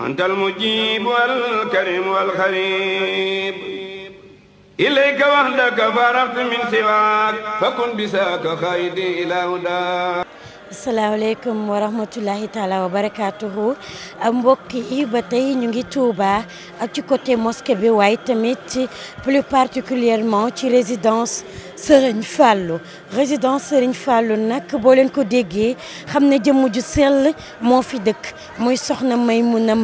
أنت المجيب والكريم والخريب إليك وحدك فرغت من سواك فكن بساك خيدي إلى هداك alaikum wa rahmatullahi taala wa barakatuhu. mbokk yi ba nyungi ñu ngi Touba ci côté mosquée bi tamit plus particulièrement ci résidence Serigne Fallou résidence Serigne Fallou nak boo leen ko déggee xam ne ju sel moo fi dëkk muy soxna Maymuna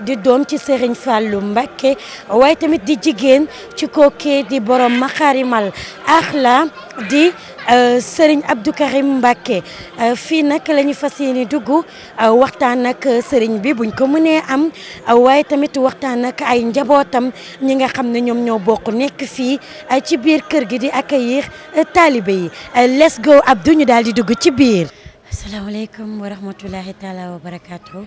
di dom ci Serigne Fallou Mbàkke waaye tamit di jigen ci di borom makarimal. axla di euh, sëriñ Abdou Karim Mbacke euh, fii nag la ñu fas yéene dugg euh, waxtaan ak sëriñ bi buñ ko mënee am waaye tamit waxtaan ak ay njabootam ñi nga xam ne ñoom ñoo bokk nekk fii ci biir kër gi di accueillir taalibe yi let's go Abdou ñu daal di dugg ci biir. asalaamaaleykum wa rahmatulahi wa barakaatu.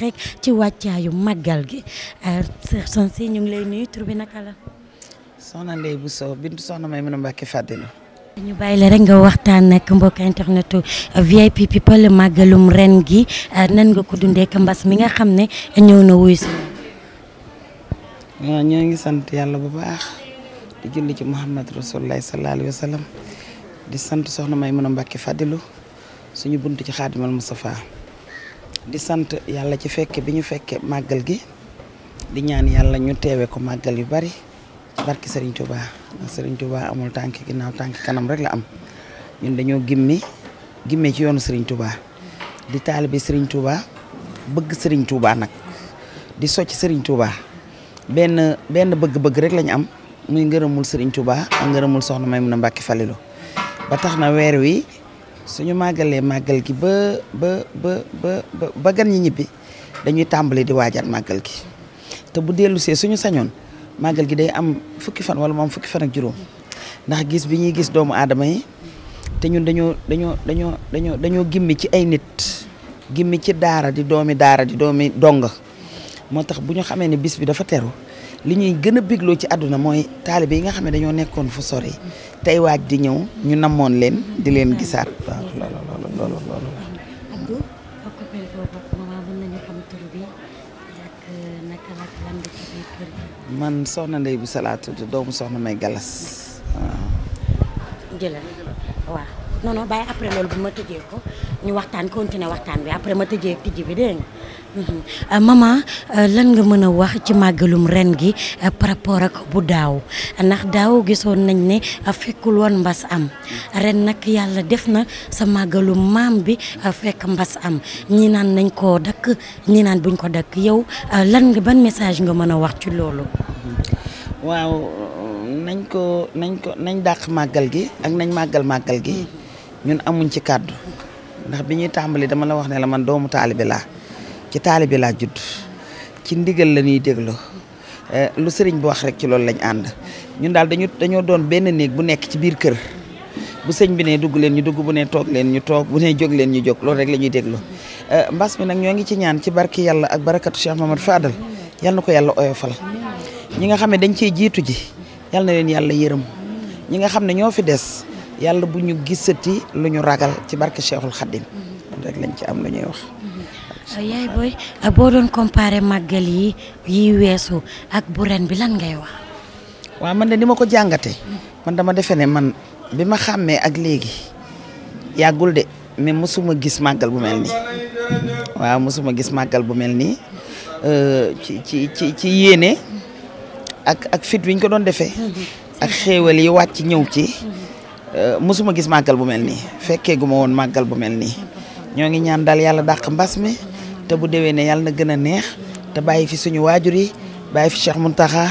rek ci wàccaayu magal gi euh, son si ñu ngi lay nuyu tur nakala sona la. bu so bintu bintu may mëna Mbacke fadina ñu bàyyi rek nga waxtaan nak mbok internetu VIP people magalum ren gi euh, nan nga ko dundé ak mbass mi nga xamné ñew na wuy si. ñoo ngi sant yalla bu baax di julli ci Muhammad Rasulullah sallallahu alaihi wasallam sallam di sant soxna mëna Mbacke fadilu suñu buntu ci khadimul Mustafa di sant yàlla ci fekke bi ñu fekke màggal gi di ñaan yàlla ñu teewe ko màggal yu bari barki sëriñ Touba sëriñ Serigne Touba amul tànk ginnaaw tànk kanam rek la am ñun dañoo gimmi gimmee ci yoonu Serigne Touba di taalibe sëriñ Touba bëgg sëriñ Touba nag di socc sëriñ Touba benn benn bëgg-bëgg rek lañu am muy ngërëmul sëriñ Touba ak ngërëmul soxna Maymuna Mbàkke Falilou ba tax na weer wi suñu màggalee màggal gi ba ba ba ba ba gan ñi ñibbi dañuy tàmbali di waajaat màggal gi te bu dellu see suñu sañoon màggal gi day am fukki fan wala moom fukki fan ak juróom ndax gis bi ñuy gis doomu aadama yi te ñun dañoo dañoo dañoo dañoo dañoo gimmi ci ay nit gimmi ci daara di doomi daara di doomi dong moo tax bu ñu xamee ne bis bi dafa teru li ñuy gën a bégloo ci àdduna mooy taalibe yi nga xam ne dañoo nekkoon fu sori tey waaj di ñëw ñu namoon leen di leen gisaat waaw loolu loolu loolu man soxna Ndeye bu salaatu doomu soxna may galas waaw. jëlal bàyyi après loolu bu ma tëjee ko ñu waxtaan continuer waxtaan bi après ma tëjee tijji bi dégg nga mhm. euh, euh, lan nga mën a wax ci màggalum ren gi euh, par rapport ak bu daaw ndax daaw gisoon nañ ne fekkul woon mbas am ren nag yàlla def na sa màggalum maam bi fekk mbas am ñi naan nañ koo dakk ñi naan buñ ko dakk yow lan nga ban message nga mën a wax ci loolu. Mhm. waaw nañ ko nañ ko nañ dàq màggal gi ak nañ màggal màggal gi mhm. ñun amuñ ci kàddu. ndax biñuy tambali dama la wax ne la man doomu talibé la ci talibé la judd ci ndigal la ñuy euh lu sëriñ bu wax rek ci loolu lañ and ñun dal dañu dañu doon benn neeg bu nekk ci biir kër bu sëñ bi ne dugg leen ñu dugg bu ne tok leen ñu tok bu ne jog leen ñu jog loolu rek lañuy ñuy euh mbas mi nak ñoo ngi ci ñaan ci barki yalla ak barakatu Cheikh Mamadou Fadal yalla nako yalla yàlla oyofal ñi nga xam dañ ci jitu ji yalla na leen yalla yërëm ñi nga xam ño fi dess yalla buñu ñu luñu ragal ci barke Cheikhul Khadim mhm. rek lañ ci am luñuy ñuy wax. Mhm. Ah, yaay booy ah, bo doon comparer magal yi yi wessu ak bu ren bi lan ngay wax. wa man de ni ko jangate mhm. man dama defene man bima xamé ak léegi yagul de mais musuma gis magal bu melni wa musuma gis magal bu melni euh ci ci ci yene ak ak fit wiñ ko doon defé ak xéewal yi wacc ñew ci. Euh, mosuma gis màggal bu mel nii fekkee gu ma woon màggal bu mel nii ñoo ngi ñaan dal yàlla dàq mbas mi te bu déwee ne yàlla na gën a neex te bàyyi fi suñu waajur yi bàyyi fi mun taxaa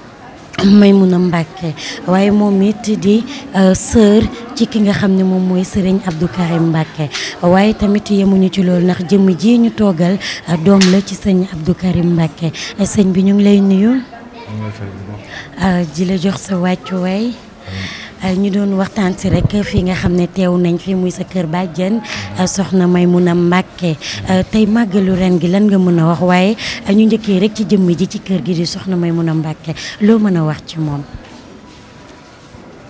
may Maymuna Mbàkke waaye moom it di euh, sër ci ki nga xam ni moom mooy sëriñ Abdou Karim Mbàkke waaye tamit yemuñu ci loolu ndax jëmm ji ñu toogal euh, doom la ci sëñ Abdou Karim Mbàkke euh, sëñ bi ñu ngi lay nuyu ji la jox sa wàccuwaay Euh, ñu doon waxtaan si fii nga xam ne teew nañ fi muy sa kër bàjjen euh, soxna a Mbàkke euh, tey màggalu ren gi lan nga mën a wax waaye ñu njëkkee rek ci jëmm ji ci kër gi di soxna a Mbàkke loo mën a wax ci moom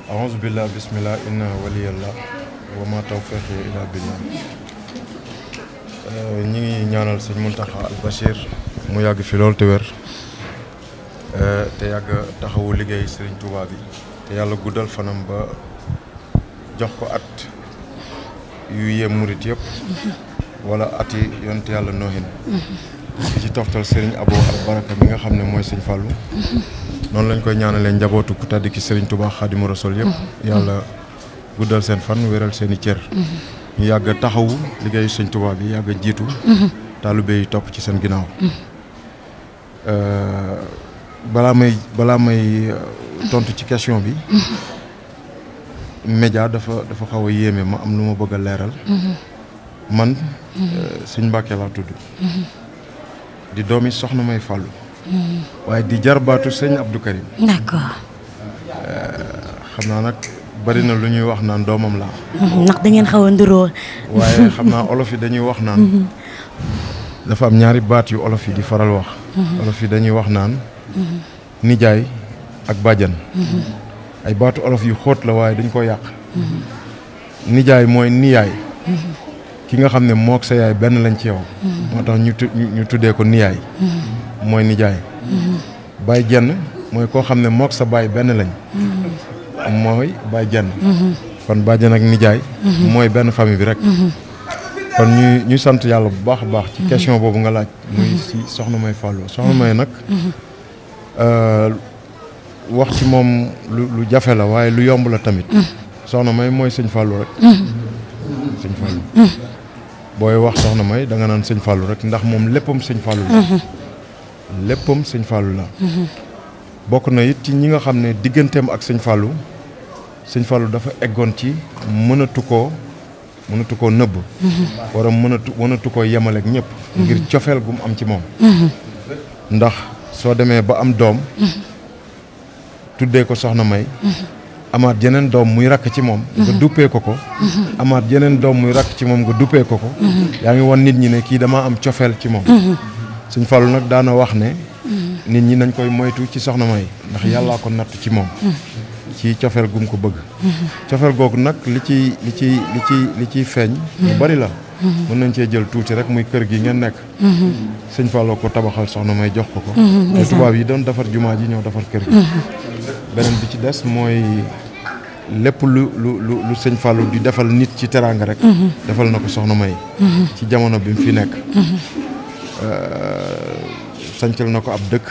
aouzu billah bismillah inna waliyallah wa ma tawfiqi illa billah ñi ngi ñaanal sëñ Muntaxa al Bachir mu yàgg fi loolu te wér te yàgg taxawu liggéey sëriñ Touba bi te yàlla guddal fanam ba jox ko at yu yee murit yëpp wala ati yonent yàlla noohin ci toftal Serigne Abo ak baraka bi nga xam ne mooy Serigne Fallou noonu lañ koy ñaanalee njabootu ku tàddi ki Serigne Touba Xaadimu Rasuul yëpp yàlla guddal seen fan wéral seeni i cër ñu yàgg taxawu liggéeyu Serigne Touba bi yàgg jiitu taalibe yi topp ci seen ginnaaw euh, balaa may balaa may tontu ci question bi. média dafa dafa xaw a yéeme ma am lu ma bëgg a leeral. man. Euh, sëñ Mbàkke laa tudd. di doomi soxna may fàllu. waaye di jarbaatu sëñ Abdou Karim. Euh, xam naa nag bari na lu ñuy wax naan doomam laa. ndax da ngeen xaw a nduroo. waaye xam naa olof yi dañuy wax naan. Mhm. dafa am ñaari baat yu olof yi di faral wax. Mhm. olof yi dañuy wax naan. Mhm. nijaay. ak bàjjan ay baatu olof yu xóot la waaye dañ koo yàq nijaay mooy niyaay ki nga xam ne mook sa yaay benn lañ ci yow moo tax ñu tuddee ko niyaay mooy nijaay baay jenn mooy koo xam ne mook sa baay benn lañ mooy baay jenn kon bàjjan ak nijaay mooy benn famille bi rek kon ñu ñu sant yàlla bu baax baax ci question boobu nga laaj muy si soxna may fàllu soxna may nag euh, wax ci moom lu lu jafe la waaye lu yomb la tamit. Mm. soxna May mooy sëñ Fallou rek. Mm. sëñ Fallou. Mm. booy wax soxna May da nga naan sëñ Fallou rek ndax moom léppam sëñ Fallou la. Mm-hmm. léppam sëñ Fallou la. Mm-hmm. bokk na it ci ñi nga xam ne digganteem ak sëñ Fallou sëñ Fallou dafa eggoon ci mënatu koo mënatu koo nëbb. Mm-hmm. war a mënatu mënatu koo yemaleeg ñëpp. ngir cofeel gu mu am ci moom. ndax soo demee ba am doom. tuddee ko soxna May. amaat jeneen doom muy rakk ci moom. nga mhm. duppee ko ko. Mhm. amaat jeneen doom muy rakk ci moom nga duppee ko ko. Mhm. yaa ngi won nit ñi ne kii damaa am cofeel ci moom. suñ Fallu nag daana wax ne. nit ñi nañ koy moytu ci soxna May ndax yàllaa ko natt ci moom. ci cofeel gum ko bëgg. cofeel googu nag li ci li ci li ci li ciy feeñ. lu bari la. mën nañ cee jël tuuti rek muy kër gi ngeen nekk. sëñ Fallou ko tabaxal soxna May jox ko ko. te tubaab yi doon benen bi ci des moy lepp lu lu lu lu Fallou di defal nit ci teranga rek. Mhm. defal nako soxna May. Mhm. ci jamono bi fi nek mhm. euh na nako ab dëkk.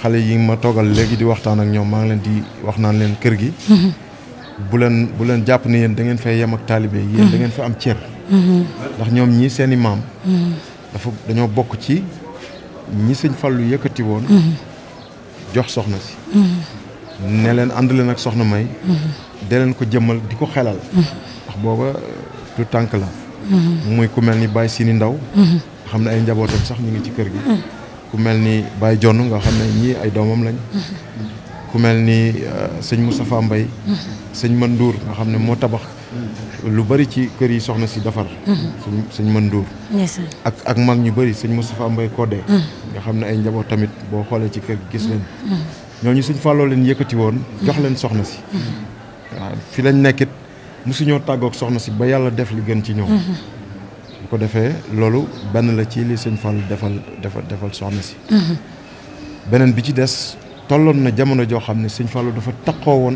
xalé yi ma togal legui di waxtan ak ñom ma ngi len di wax naan len kër gi. bu len bu len japp ne yeen da ngeen fay yam ak talibé yeen da ngeen fa am cër. ndax ñom ñi seen imam dafa dañoo bok ci ñi seigne Fallou yëkëti woon. jox soxna si ne leen ànd leen ak soxna may deleen ko jëmmal di ko xelal ndax booba du tànk la muy ku mel ni Baye Sini Ndaw xam ne ay njabootam sax ñu ngi ci kër gi ku mel ni Baye Jonn nga xam ne ñii ay doomam lañ ku mel ni euh, sëñ Moustapha mbay sëñ mën Mandour nga xam ne moo tabax lu bari ci kër yi soxna si defar. suñ man mën ak ak mag ñu bari suñ Moustapha Mbaye Codé. Mm-hmm. nga xam ne ay njaboot tamit boo xoolee ci kër gis leen. Mm-hmm. ñooñu suñ fàlloo leen yëkkati woon jox leen soxna si. Mm-hmm. waaw fi lañ nekkit mosuñoo tàggoog soxna si ba yàlla def li gën ci ñoom. bu ko defee loolu benn la ci li suñ fàll defal defal defal soxna si. beneen bi ci des tolloon na jamono joo xam ne suñ fàllu dafa taqoo woon